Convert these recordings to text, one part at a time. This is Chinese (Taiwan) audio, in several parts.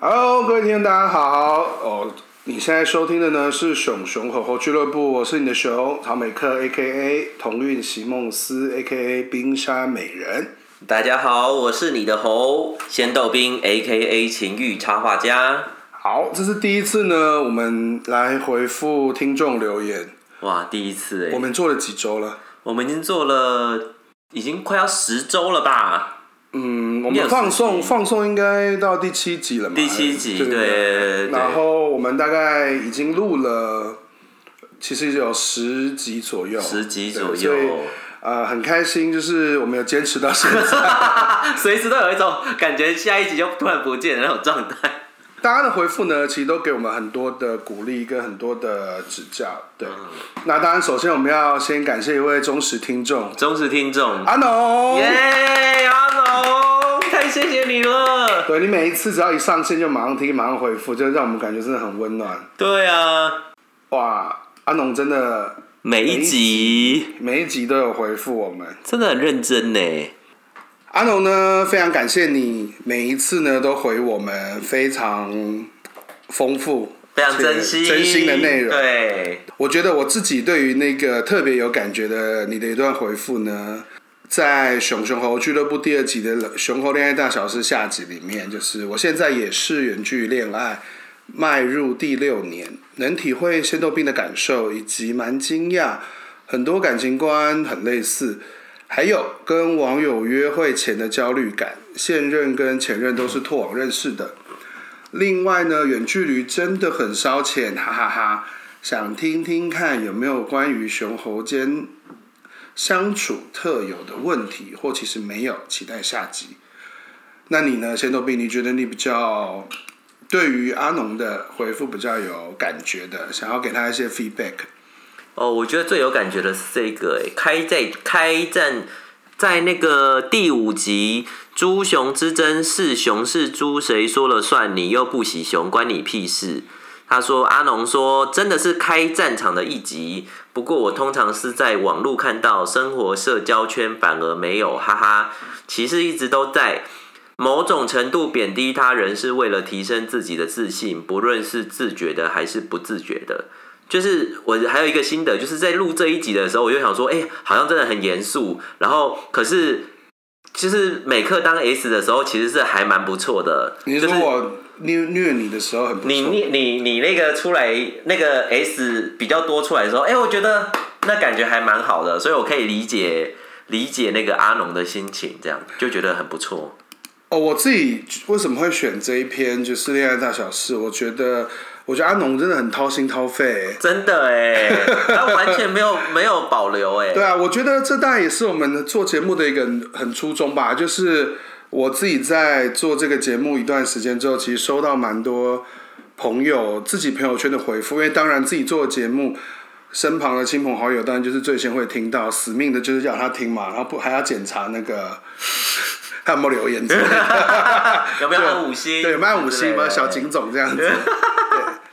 Hello，各位聽眾，大家好。哦、oh，你現在收聽的呢是熊熊猴猴俱樂部，我是你的熊曹美克，A K A 同運席夢思，A K A 冰山美人。大家好，我是你的猴仙豆冰，A K A 情欲插畫家。好，這是第一次呢，我們來回覆聽眾留言。哇，第一次。我們做了幾週了？我們已經做了，已經快要十周了吧？嗯，我們放送放送應該到第七集了嘛？第七集。對，對對對對對然後我們大概已經錄了，其實只有十集左右，十集左右，所啊、哦呃、很開心，就是我們有堅持到現在， 隨時都有一種感覺下一集就突然不見的那種狀態。大家的回復呢，其實都給我們很多的鼓勵跟很多的指教。對，嗯、那當然，首先我們要先感謝一位忠實聽眾，忠實聽眾阿農，耶，阿農，太謝謝你了。對你每一次只要一上線就馬上聽，馬上回復，就讓我們感覺真的很溫暖。對啊，哇，阿農真的每一集每一集，每一集都有回復我們，真的很認真呢。阿龍呢，非常感謝你每一次呢都回我們非常豐富、非常真心、真心的內容。對，我覺得我自己對於那個特別有感覺的你的一段回覆呢，在《熊熊猴俱樂部》第二集的《熊猴戀愛大小事》下集裡面，嗯、就是我現在也是遠距戀愛，邁入第六年，能體會仙豆冰的感受，以及蠻驚訝，很多感情觀很類似。還有跟網友約會前的焦慮感，現任跟前任都是脫網認識的。另外呢，遠距離真的很燒錢，哈，哈哈哈。想聽聽看有沒有關於熊猴間相處特有的問題，或其實沒有，期待下集。那你呢，仙豆冰？你覺得你比較對於阿農的回復比較有感覺的，想要給他一些 feedback。哦，oh, 我覺得最有感覺的是這個誒，開在開戰，在那個第五集豬熊之爭是熊是豬誰說了算你？你又不喜熊，關你屁事？他說阿農說真的是開戰場的一集，不過我通常是在網路看到，生活社交圈反而沒有，哈哈。其實一直都在某種程度貶低他人是為了提升自己的自信，不論是自覺的還是不自覺的。就是我還有一個心得，就是在錄這一集的時候，我就想說，哎、欸，好像真的很嚴肅。然後，可是其實每刻當 S 的時候，其實是還蠻不錯的。你說、就是、我虐虐你的時候很不，很你你你你那個出來那個 S 比較多出來的時候，哎、欸，我覺得那感覺還蠻好的，所以我可以理解理解那個阿農的心情，這樣就覺得很不錯。哦，我自己為什麼會選這一篇，就是《戀愛大小事》，我覺得。我覺得阿農真的很掏心掏肺、欸，真的哎、欸，他完全沒有沒有保留哎、欸。 對啊，我覺得這大概也是我們做節目的一個很初衷吧。就是我自己在做這個節目一段時間之後，其實收到蠻多朋友自己朋友圈的回覆。因為當然自己做的節目，身旁的親朋好友當然就是最先會聽到，死命的就是叫他聽嘛，然後不還要檢查那個他有沒有留言，有沒有按五星，對，對，有沒有按五星嗎，有對小警總這樣子。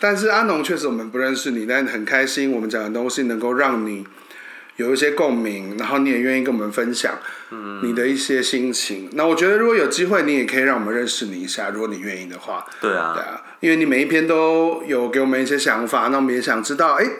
但是阿農確實我們不認識你，但很開心我們講的東西能夠讓你有一些共鳴，然後你也願意跟我們分享，嗯，你的一些心情。嗯、那我覺得如果有機會，你也可以讓我們認識你一下，如果你願意的話。對啊。對啊。因為你每一篇都有給我們一些想法，那我們也想知道，哎、欸，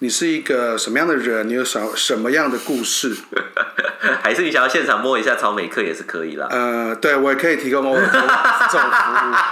你是一個什麼樣的人？你有什什麼樣的故事？ 還是你想要現場摸一下曹美克也是可以啦。呃，對我也可以提供這種服務。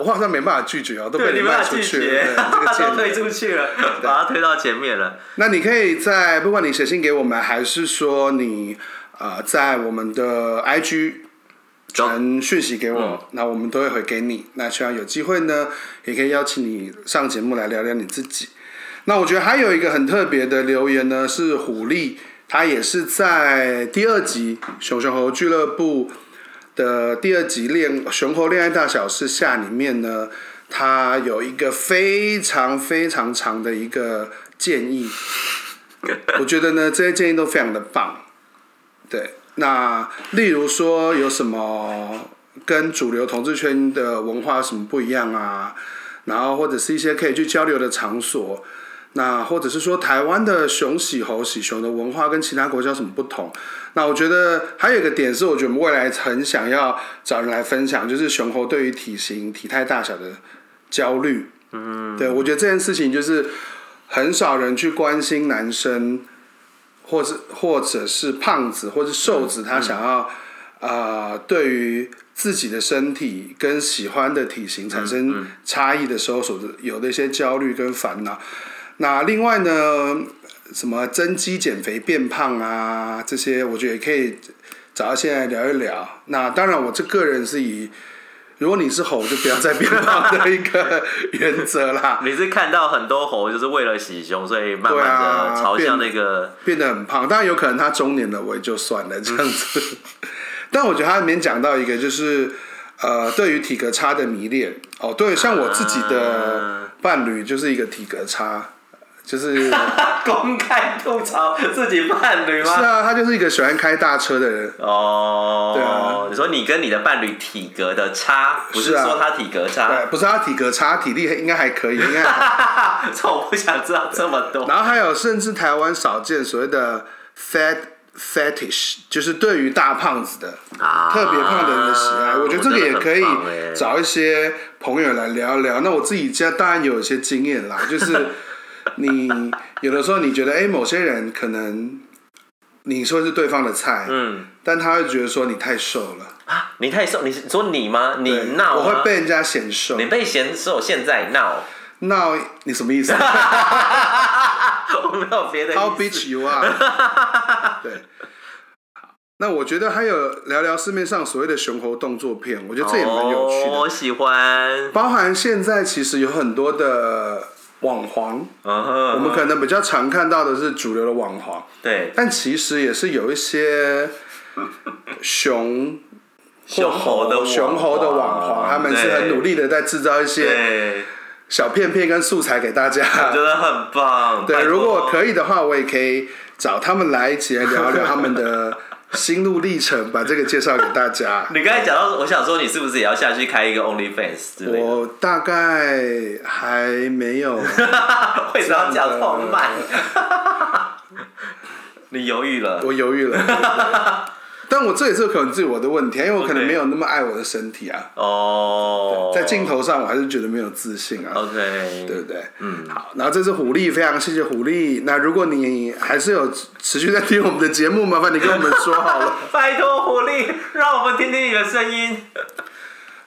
我好像沒辦法拒絕哦、啊，都被你賣出去了，都推出去了， 對把它推到前面了。那你可以在，不管你寫信給我們，還是說你呃，在我們的 IG 傳訊息給我，那走我們都會回給你。嗯、那希望有機會呢，也可以邀請你上節目來聊聊你自己。那我覺得還有一個很特別的留言呢，是虎力，他也是在第二集《熊熊猴俱樂部》。的第二集戀熊猴戀愛大小事下，裡面呢，它有一個非常非常長的一個建議，我覺得呢，這些建議都非常的棒。對，那例如說有什麼跟主流同志圈的文化有什麼不一樣啊？然後或者是一些可以去交流的場所。那或者是說，台灣的熊喜、猴喜熊的文化跟其他國家有什麼不同？那我覺得還有一個點是，我覺得我們未來很想要找人來分享，就是熊猴對於體型、體態大小的焦慮。嗯、對我覺得這件事情就是很少人去關心男生，或是或者是胖子或者是瘦子，嗯、他想要啊、嗯呃，對於自己的身體跟喜歡的體型產生差異的時候，所有的一些焦慮跟煩惱。那另外呢，什麼增肌、減肥、變胖啊，這些我覺得也可以找到現在聊一聊。那當然，我這個人是以，如果你是猴，就不要再變胖的一個原則啦。 每次看到很多猴就是為了洗胸，所以慢慢的朝向那個、啊、變，變得很胖，當然有可能他中年了，我也就算了這樣子。 但我覺得他裡面講到一個就是，呃，對於體格差的迷戀哦，對，像我自己的伴侶就是一個體格差。就是 公開吐槽自己伴侶嗎？是啊，他就是一個喜歡開大車的人。哦，對啊。你說你跟你的伴侶體格的差，不是說他體格差，是啊、對不是他體格差，體力應該還可以。哈哈哈哈哈！ 這我不想知道這麼多。然後還有，甚至台灣少見所謂的 fat fetish，就是對於大胖子的、啊、特別胖的人的喜愛。啊、我覺得這個也可以、欸、找一些朋友來聊一聊。那我自己家當然有一些經驗啦，就是。 你有的時候你覺得，哎、欸，某些人可能你說是對方的菜，嗯，但他會覺得說你太瘦了、啊、你太瘦，你說你嗎？你鬧對，Now 我會被人家嫌瘦，你被嫌瘦，現在鬧鬧，Now、Now, 你什麼意思？ 我沒有別的意思。How bitch you are！ 對，那我覺得還有聊聊市面上所謂的熊猴動作片，我覺得這也蠻有趣、oh, 我喜歡，包含現在其實有很多的。網黃，uh huh, uh huh. 我們可能比較常看到的是主流的網黃，對,但其實也是有一些熊，熊猴的熊猴的網黃，網黃他們是很努力的在製造一些對小片片跟素材給大家，真的很棒。對，託如果可以的話，我也可以找他們來一起來聊聊他們的。 心路歷程，把這個介紹給大家。你剛才講到，我想說，你是不是也要下去開一個 only face？我大概還沒有，為什麼要講這麼慢？你猶豫了，我猶豫了。但我這也是可能自己我的問題、啊，因為我可能沒有那麼愛我的身體啊。哦 Okay.，在鏡頭上我還是覺得沒有自信啊。OK，對不對？嗯。好，然後這是狐狸，非常謝謝狐狸。嗯、那如果你還是有持續在聽我們的節目，麻煩你跟我們說好了， 拜托狐狸，讓我們聽聽你的聲音。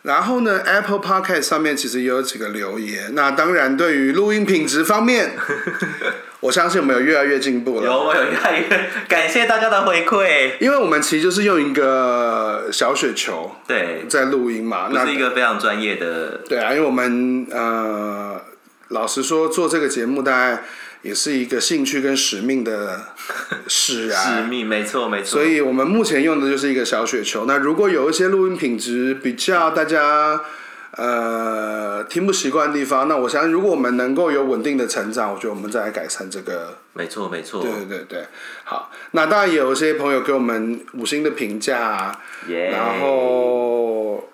然後呢，Apple Podcast 上面其實也有幾個留言。那當然，對於錄音品質方面。 我相信我們有越來越進步了。有，我有越來越感謝大家的回饋。因為我們其實就是用一個小雪球對在錄音嘛，那是一個非常專業的。對啊，因為我們呃，老實說做這個節目，大概也是一個興趣跟使命的使然。使命，沒錯沒錯。所以我們目前用的就是一個小雪球。那如果有一些錄音品質比較，大家。呃，聽不習慣的地方，那我相信如果我們能夠有穩定的成長，我覺得我們再來改善這個。沒錯，沒錯。對對對，好。那當然，也有一些朋友給我們五星的評價啊，Yeah 然後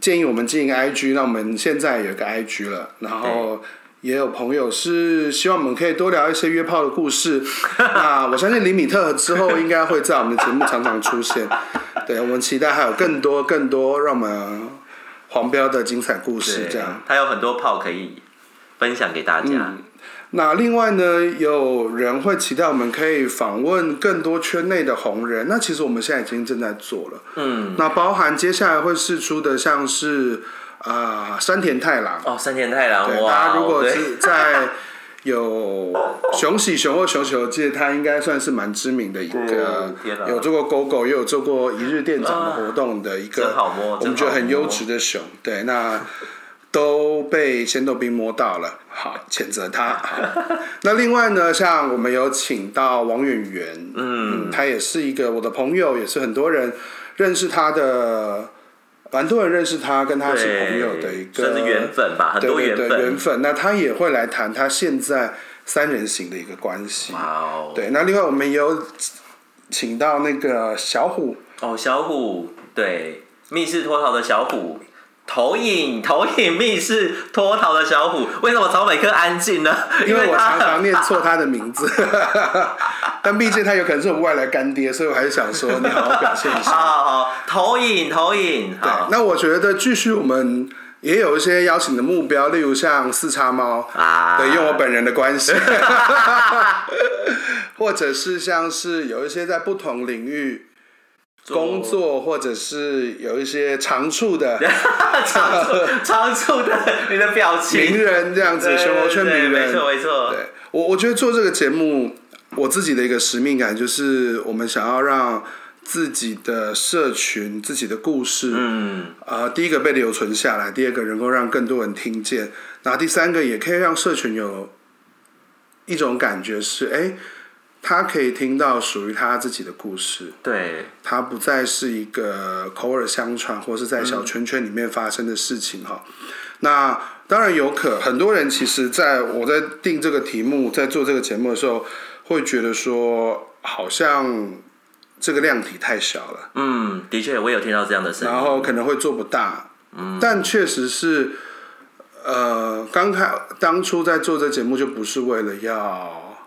建議我們進一個 IG，那我們現在有一個 IG 了。然後也有朋友是希望我們可以多聊一些約炮的故事。 那我相信李米特合之後應該會在我們的節目常常出現。 對，我們期待還有更多更多讓我們。黃標的精彩故事，這樣他有很多炮可以分享給大家，嗯。那另外呢，有人會期待我們可以訪問更多圈內的紅人。那其實我們現在已經正在做了。嗯，那包含接下來會釋出的，像是啊、呃、山田太郎哦，山田太郎，對哇大家如果是在對。 有熊喜熊和熊球，記得他應該算是蠻知名的一個，有做過狗狗，也有做過一日店長的活動的一個，我們覺得很優質的熊，對，那都被仙豆冰摸到了，好譴責他。那另外呢，像我們有請到王源媛，嗯，他也是一個我的朋友，也是很多人認識他的。蠻多人認識他，跟他是朋友的一個，是緣分吧，很多緣分，緣分。那他也會來談他現在三人行的一個關係。Wow 對。那另外我們有請到那個小虎。哦，oh，小虎，對，密室脫逃的小虎。投影，投影密室脫逃的小虎，為什麼曹美克安靜呢？因為我常常念錯他的名字。 但畢竟他有可能是我們外來乾爹，所以我還是想說你好好表現一下。 好，好好，投影投影。對，好那我覺得，繼續我們也有一些邀請的目標，例如像四叉貓，啊、對，用我本人的關係。 或者是像是有一些在不同領域工作，做或者是有一些長處的 長處、呃、長處的你的表情名人這樣子，朋友圈名人，沒錯沒錯。對，我我覺得做這個節目。我自己的一個使命感就是，我們想要讓自己的社群、自己的故事，嗯啊、呃，第一個被留存下來，第二個能夠讓更多人聽見，那第三個也可以讓社群有一種感覺是，誒、欸，他可以聽到屬於他自己的故事，對，他不再是一個口耳相傳，或是在小圈圈裡面發生的事情哈。嗯、那當然有可，很多人其實在我在定這個題目、在做這個節目的時候，會覺得說好像這個量體太小了。嗯，的確，我也有聽到這樣的聲音。然後可能會做不大。嗯，但確實是，呃，剛開當初在做這節目就不是為了要，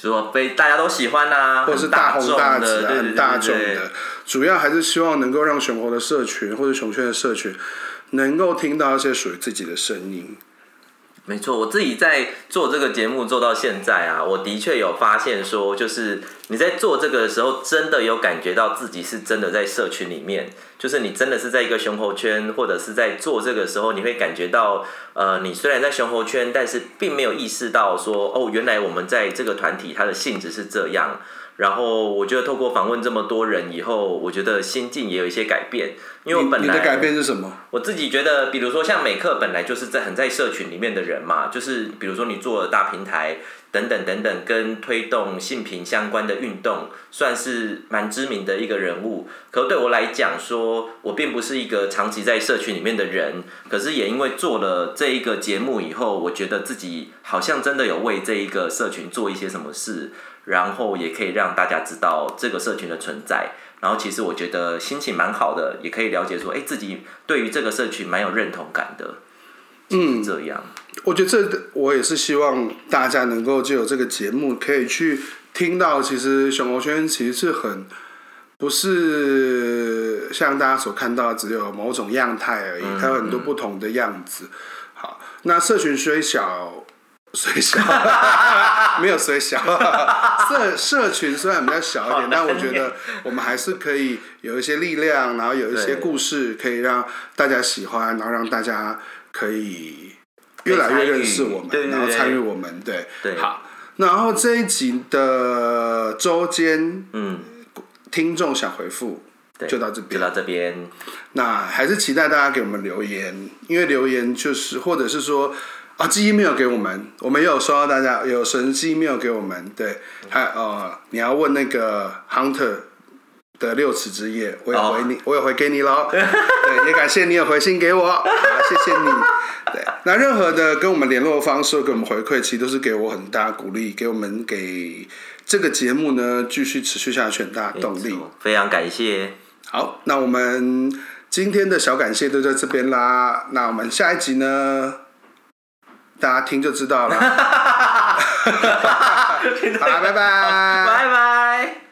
如果被大家都喜歡啊或是大紅大紫，很大眾的，的，主要還是希望能夠讓熊猴的社群或者熊圈的社群能夠聽到一些屬於自己的聲音。沒錯，我自己在做這個節目做到現在啊，我的確有發現說，就是你在做這個的時候，真的有感覺到自己是真的在社群裡面，就是你真的是在一個熊猴圈，或者是在做這個時候，你會感覺到，呃，你雖然在熊猴圈，但是並沒有意識到說，哦，原來我們在這個團體，它的性質是這樣。然後我覺得透過訪問這麼多人以後，我覺得心境也有一些改變。因為本來，你，你的改變是什麼？我自己覺得，比如說像美克本來就是在很在社群裡面的人嘛，就是比如說你做了大平台。等等等等，跟推動性平相關的運動，算是蠻知名的一個人物。可對我來講，說我並不是一個長期在社群裡面的人，可是也因為做了這一個節目以後，我覺得自己好像真的有為這一個社群做一些什麼事，然後也可以讓大家知道這個社群的存在。然後其實我覺得心情蠻好的，也可以了解說，哎，自己對於這個社群蠻有認同感的。嗯，就是這樣。嗯我覺得這個，我也是希望大家能夠借由這個節目，可以去聽到，其實熊猴圈其實是很不是像大家所看到的只有某種樣態而已，嗯、它有很多不同的樣子。嗯、好，那社群雖小，雖小， 沒有雖小， 社社群雖然比較小一點，的但我覺得我們還是可以有一些力量，然後有一些故事可以讓大家喜歡，對然後讓大家可以。越來越認識我們，對對對，然後參與我們，對，對，好，然後這一集的週間嗯聽眾想回覆對就到這邊，就到這邊。那還是期待大家給我們留言，因為留言就是或者是說啊，寄 email 給我們，我們也有收到大家有神 email 給我們，對，還有、呃，你要問那個 Hunter，的六尺之夜，我也回你，oh. 我也回給你囉。 對，也感謝你有回信給我 好，謝謝你。對，那任何的跟我們聯絡方式，跟我們回饋，其實都是給我很大的鼓勵，給我們給這個節目呢繼續持續下去很大動力。非常感謝。好，那我們今天的小感謝都在這邊啦。那我們下一集呢，大家聽就知道了。好，拜拜，拜拜。